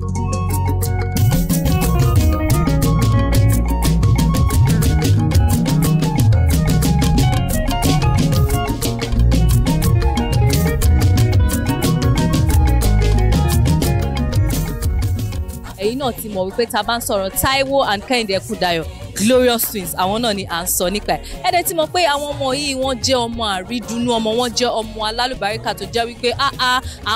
ẹ̀yin náà ti mọ̀ wípé tá a bá ń sọ̀rọ̀ Táíwò and Kẹ́hìndé Ẹ̀kúdayọ̀ Glorious Twins àwọn náà ni à ń sọ nípa ẹ̀ ẹ̀dẹ̀ tí mo pé àwọn ọmọ yìí wọ́n jẹ́ ọmọ àrídùnnú ọmọ wọ́n jẹ́ ọmọ alálùbáríkà tó jẹ́ wípé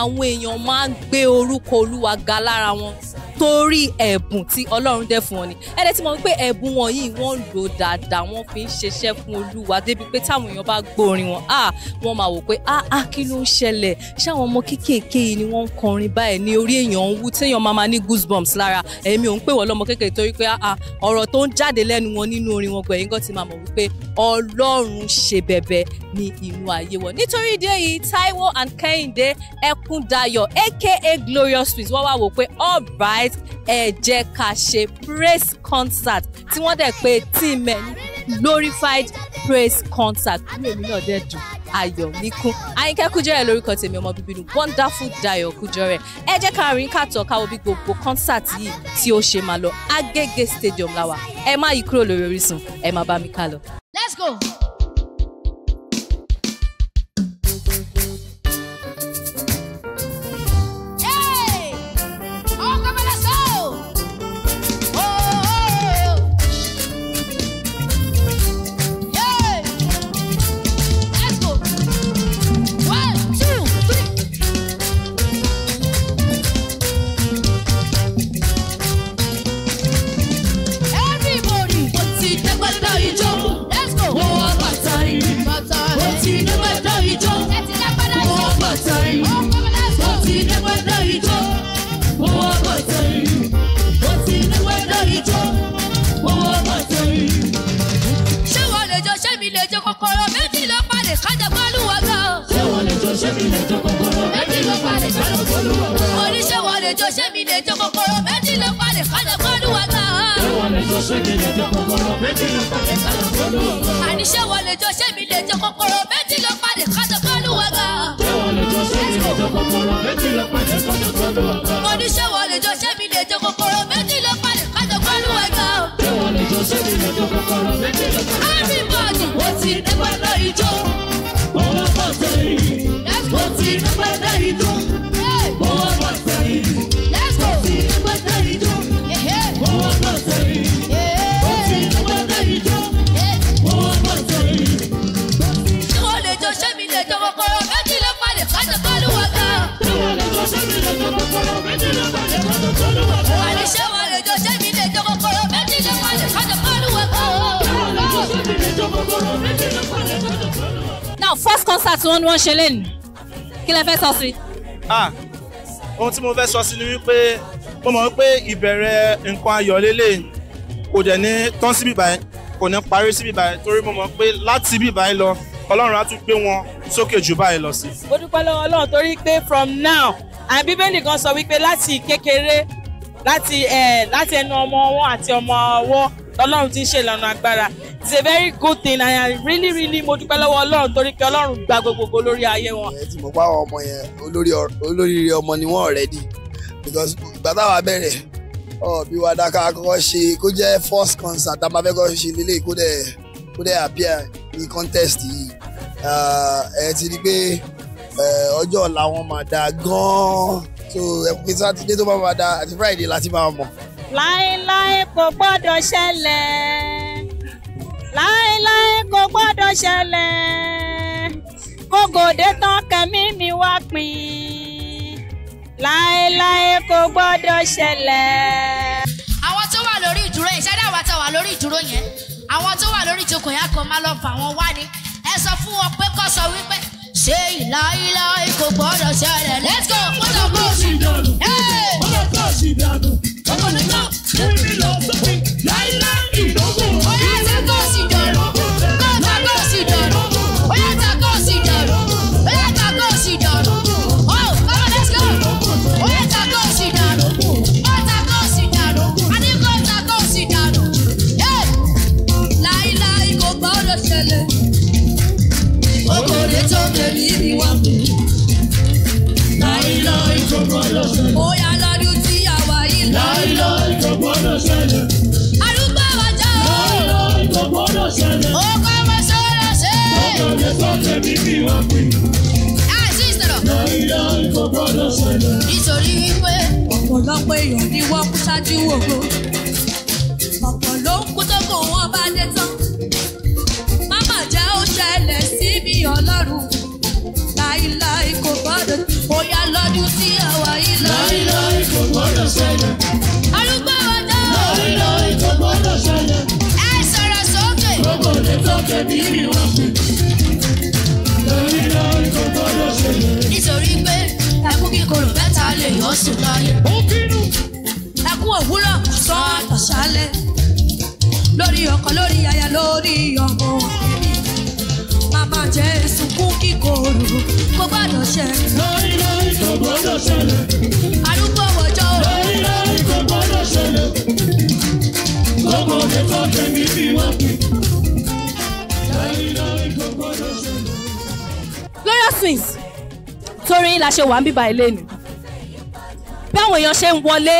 àwọn èèyàn máa ń gbé orúkọ Olúwa ga lára wọn torí ẹ̀bùn tí ọlọ́run dẹ̀ fún wọn ni ẹ̀rẹ́ tí mo ń pé ẹ̀bùn wọn yìí wọ́n ń lò dáadáa wọ́n fi ń ṣiṣẹ́ fún olúwa débi pé táwọn èèyàn bá gbórin wọn ah wọ́n máa wò pé ah ah kí ló ń ṣẹlẹ̀ ṣáwọn ọmọ kéékèèké yìí ni wọ́n ń kọrin báyìí ní orí èèyàn ń wú téèyàn máa máa ní goosebumps lára èmi ò ń pè wọ́n lọ́mọ kéékèèké torí pé ah ah ọ̀rọ̀ tó ń jáde lẹ́nu wọn nínú orin wọn gbẹ̀yìn gan ti máa mọ̀ wípé ọlọ́run ṣe bẹ̀bẹ̀ ní inú ayé wọn nítorí ìdí èyí Táíwò and Kẹ́hìndé Ẹkúndayọ̀ aka Glorious twins wọ́n wá wò pé all right night ẹ jẹ́ praise concert tí wọ́n dẹ̀ pé team ẹ̀ glorified praise concert ní èmi náà dẹ̀ dùn ayọ̀ mi kún àyìnkẹ́ lórúkọ tèmi ọmọ bíbí nu wonderful dayo kújọ́rẹ́ ẹ jẹ́ ká rìn kàtọ́ káwọ́ bí gbogbo concert yìí tí ó ṣe máa lọ Agege stadium la wà ẹ má yí kúrò lórí Orísun ẹ má bá mi ká lọ. jó ṣé mi lè jó méjì ló palẹ̀ kalẹ̀ kọ́lùwà gbà á. Ẹ̀wọ̀n lè mi lè jó méjì ló palẹ̀ kalẹ̀ kọ́lùwà gbà Àníṣe wọ lè jó mi lè jó méjì ló palẹ̀ kalẹ̀ kọ́lùwà gbà á. Ẹ̀wọ̀n lè mi lè jó méjì ló palẹ̀ kalẹ̀ kọ́lùwà gbà á. Oníṣẹ́ wọ lè now first concert wọn ni wọn ṣe lẹ́nu kí lẹ fẹ́ sọ sí. ah ohun tí mo fẹ́ sọ sí ni wípé mo mọ̀ pé ìbẹ̀rẹ̀ nǹkan ayọ̀ lélẹ̀ kò dẹ̀ ní tán síbí báyìí kò ní parí síbí báyìí torí mo mọ̀ pé láti bíbáyìí lọ ọlọ́run á tún gbé wọn sókè jù báyìí lọ sí. mo dúpẹ́ lọ́wọ́ ọlọ́run torí pé from now àwọn bíbélì kan sọ wípé láti kékeré láti ẹnu ọmọ ọwọ́ àti ọmọ ọwọ́ ọlọ́run ti ń ṣe ìlànà agbára it's a very good thing and really really mo dúpẹ́ lọ́wọ́ ọlọ́run torí pé ọlọ́run gba gbogbogbò lórí ayé wọn. ẹ ti mọ̀ pé àwọn ọmọ yẹn olóríire ọmọ ni wọ́n already because ìgbà táwa bẹ̀rẹ̀ ọ̀bí wa dáká kọ́kọ́ ṣe kó jẹ́ first concert tá ṣe lélẹ̀ kó dẹ̀ kó dẹ̀ appear ní contest yìí Ah, ẹ ti rí pé eh, ọjọ́ ọ̀la wọn máa dáa gan-an so ẹ pé sátidé tó bá máa dáa àti friday láti máa mọ̀. láéláé kò gbọ́dọ̀ ṣẹlẹ̀ láéláé kò gbọ́dọ̀ ṣẹlẹ̀ kògòdé tán kẹ́mí mi wá pín láéláé kò gbọ́dọ̀ ṣẹlẹ̀. àwọn tó wà lórí ìdúró yẹn ṣáájú àwọn tó lórí ìdúró yẹn àwọn tó wà lórí ìjókòó yẹn kò má lọ fà wọn wá ni ẹ sọ fún wọn pé kó sọ wípé ṣé ìlàílà kò gbọ́dọ̀ ṣẹlẹ̀ let's go. ọmọ náà kò sí dànù ọmọ náà kò sí dànù ọmọ náà kò dànù. ètò tèmi ni wà fún. láìlọ ìjọgbọ́n lọ sẹ́lẹ̀. ó yà lọ́dún tí a wà yìí lọ. láìlọ ìjọgbọ́n lọ sẹ́lẹ̀. arúgbó ọjọ́. láìlọ ìjọgbọ́n lọ sẹ́lẹ̀. ó kọ́ ọmọ sọ́wọ́lá ṣe. ọjọ́ ètò tèmi ni wà fún. àìsí ìsọ̀rọ̀. láìlọ ìjọgbọ́n lọ ọ̀pọ̀lọpọ̀ èèyàn ni wọ́n kú ṣáájú ògo ọ̀pọ̀ ló tó kò wọ́n bá dé tán. ọlọ́run láíláí kò gbọ́dọ̀ ó yá lọ́dún sí àwa yìí lọ. láíláí kò gbọ́dọ̀ ṣẹlẹ̀. arúgbó ọjọ́. láíláí kò gbọ́dọ̀ ṣẹlẹ̀. ẹ sọ̀rọ̀ sókè. gbogbo lè tọ́kẹ́ bí mi wá pè. láíláí kò gbọ́dọ̀ ṣẹlẹ̀. nítorí pé ẹkún kíkorò mẹ́ta lè yọ sùn láyé. ó bínú. ẹkún òwúrọ̀ sọ àtọ̀ṣálẹ̀ lórí ọkọ̀ lórí aya lórí iyọ̀. òru kò gbọ́dọ̀ ṣẹlẹ̀. láyé láyé kò gbọ́dọ̀ ṣẹlẹ̀. arúgbó wọjọ́ o. láyé kò gbọ́dọ̀ ṣẹlẹ̀. gbogbo òde tó tẹ̀mí bí wọ́n pè. láyé láyé kò gbọ́dọ̀ ṣẹlẹ̀. glorious twins torí yín la ṣe wà ń bíbá ilé ni bí àwọn èèyàn ṣe ń wọlé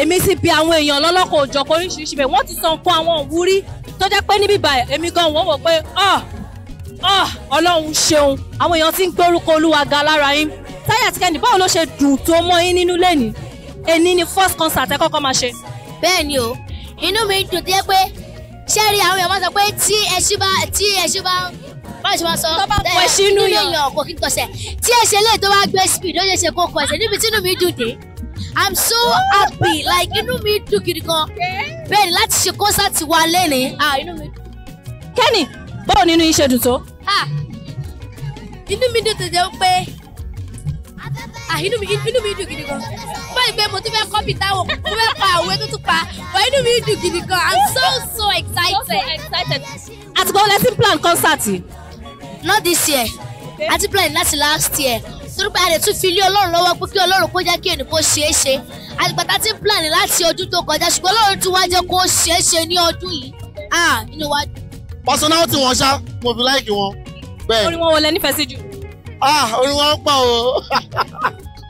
èmi ti bi àwọn èèyàn lọ́lọ́kọ̀ òjọ̀kọ̀ oríṣiríṣi bẹ́ẹ̀ wọ́n ti sọ nǹkan àwọn òwúrí tó jẹ́ pé níbí báyìí èmi gan wọ́n wò pé ah Ah, ọlọ́run ṣeun àwọn èèyàn ti ń gbórúkọ olúwa ga lára yín Táyé àti Kẹ́hìndé báwo ló ṣe dùn tó mọ́ yín nínú lẹ́nìí èní ni first concert ẹ kọ́kọ́ máa ṣe. bẹ́ẹ̀ ni o inú mi dùn tó yẹ pé ṣé rí àwọn èèyàn máa sọ pé tí ẹṣin bá tí ẹṣin bá báyìí ṣe máa sọ nínú èèyàn kò kí n kọsẹ̀ tí ẹṣin lè tó bá gbé speed ó ṣe ṣe kó kọsẹ̀ níbi tí inú mi dùn dé i'm so happy like inú mi dùn gidi gan bẹ́ẹ̀ ni láti ṣe concert wa lẹ́nìí ah inú mi dùn. yín ṣe dùn tó inú mi dùn tó jẹ́ pé ah, inú mi dùn gidi gan báyìí pé mo tún fẹ́ kọ́ bìtá wò mo fẹ́ pa àwòrán tó tún pa but inú mi dùn gidi gan I'm so so excited. àtìgbà wo lẹ ti ń plan concert. not this year a ti plan láti last year torí pé a lè tún fi ilé ọlọ́run lọ́wọ́ pé kí ọlọ́run kó jẹ́ kí ènìyàn kó ṣeé ṣe àtìgbàtà ti ń plan láti ọdún tó kọjá ṣùgbọ́n ọlọ́run tún wá jẹ́ kó ṣeé ṣe ní ọdún yìí ah inú wa dùn personality wọn ṣá mo fi láìkì wọn. bẹ́ẹ̀ orin wọn wọlé nífẹ̀ẹ́ sí jù. ah orin wọn pọ̀ o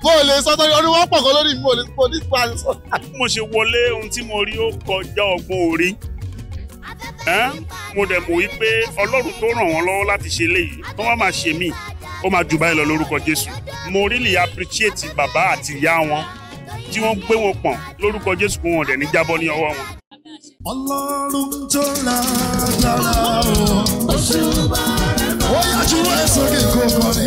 mo ò lè sọ tọ́jú orin wọn pọ̀ gan lórí mi ò lè sọ ní ìgbà sọ. bí mo ṣe wọlé ohun tí mo rí ó kọjá ọgbọ́n orí mo dẹ̀ mọ̀ wípé ọlọ́run tó ràn wọ́n lọ́wọ́ láti ṣe léyìí tó wá máa ṣe mí ó máa jù báyìí lọ lórúkọ jésù mo really appreciate bàbá àti ìyá wọn tí wọ́n gbé wọn pọ̀n lórúkọ jésù kó wọn dẹ̀ ní jábọ́ ní ọwọ́ wọn. ọlọ́run tó ra dára o. ó yájú ẹ sókè kó kọ́ ni.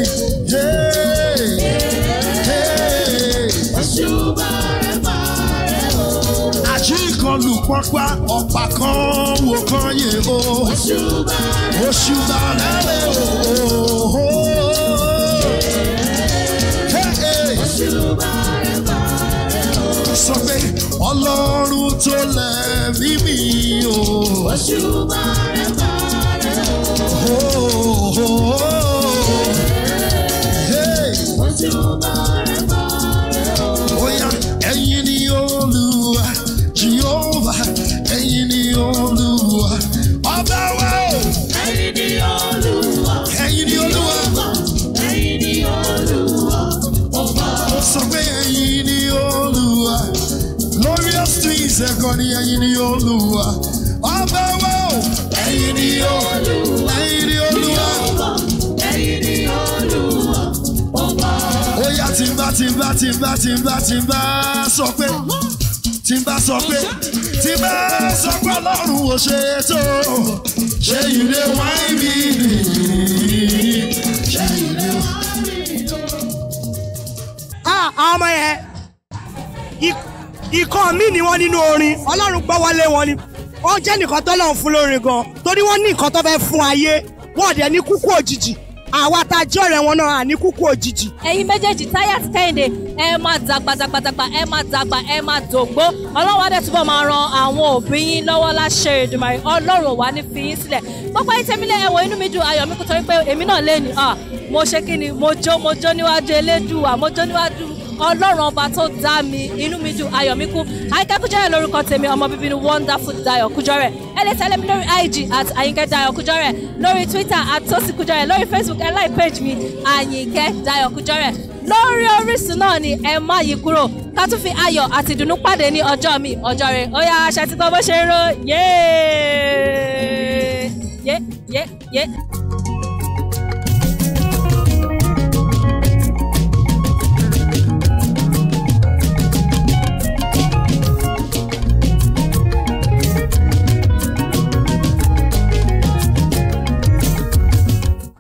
àjíkọlù pápá ọ̀pá kan wò kan yè o. oṣù bàrẹ̀ rẹ̀ o. oṣù bàrẹ̀ bàrẹ̀ o. sọ pé ọlọ́run. tó lẹ̀ bí mi o. Òṣùbà rẹ̀ bàrẹ̀ o. Òṣùbà rẹ̀ bàrẹ̀ o. Ó yá ẹyin ni. jésù ìṣẹ́gun ni ẹ̀yin ni olúwa ọba wa o. ẹ̀yin ni olúwa ẹ̀yin ni olúwa ẹ̀yin ni olúwa ọba. ó yá tìǹbà tìǹbà tìǹbà tìǹbà tìǹbà sọ pé tìǹbà sọ pé tìǹbà sọ pé ọlọ́run ò ṣe é tó ṣé ìrè wáyé mi nìyí ṣé ìrè wáyé mi nìyí. Ah, àwọn ọmọ yẹn ikọ̀ mi ni wọ́n nínú orin ọlọ́run gbọ́ wọlé wọn ni wọ́n jẹ́ nìkan tó lọ́n fún lórin gan torí wọ́n ní nǹkan tó fẹ́ fún ayé wọ́n dẹ̀ ní kúkú òjijì àwa tá a jẹ́ ọ̀rẹ́ wọn náà àní kúkú òjijì. ẹ̀yin méjèèjì táyà ti kẹ́hìndé ẹ máa dàgbà dàgbà dàgbà ẹ máa dàgbà ẹ máa dògbó ọlọ́run adé túbọ̀ máa ran àwọn òbí yín lọ́wọ́ láṣẹ Èdùmàrè ọlọ́run wà ní fi yín sílẹ̀ gbogbo ayé tèmi lé ẹ̀wọ̀ inú mi dùn ayọ̀ mi kò torí pé èmi náà lé ní mo ṣe kí ni mo jó mo jó níwájú elédùà mo jó níwájú ọlọ́run ọba tó dá mi inú mi dùn ayọ̀ mi kún àyíká kújọ́rẹ̀ lórúkọ tèmi ọmọ bíbí ni wonderful dayo kújọ́rẹ̀ ẹ lè tẹ́lẹ̀ mi lórí ig at àyìnkẹ́ dayo kújọ́rẹ̀ lórí twitter at tosi kújọ́rẹ̀ lórí facebook ẹ like page mi àyìnkẹ́ dayo kújọ́rẹ̀ lórí orísun náà ni ẹ má yí kúrò ká tún fi ayọ̀ àti ìdùnnú pàdé ní ọjọ́ mi ọjọ́ rẹ̀ ó yá aṣọ àti gbọ́ bó ṣe ń ro yéé yéé yéé.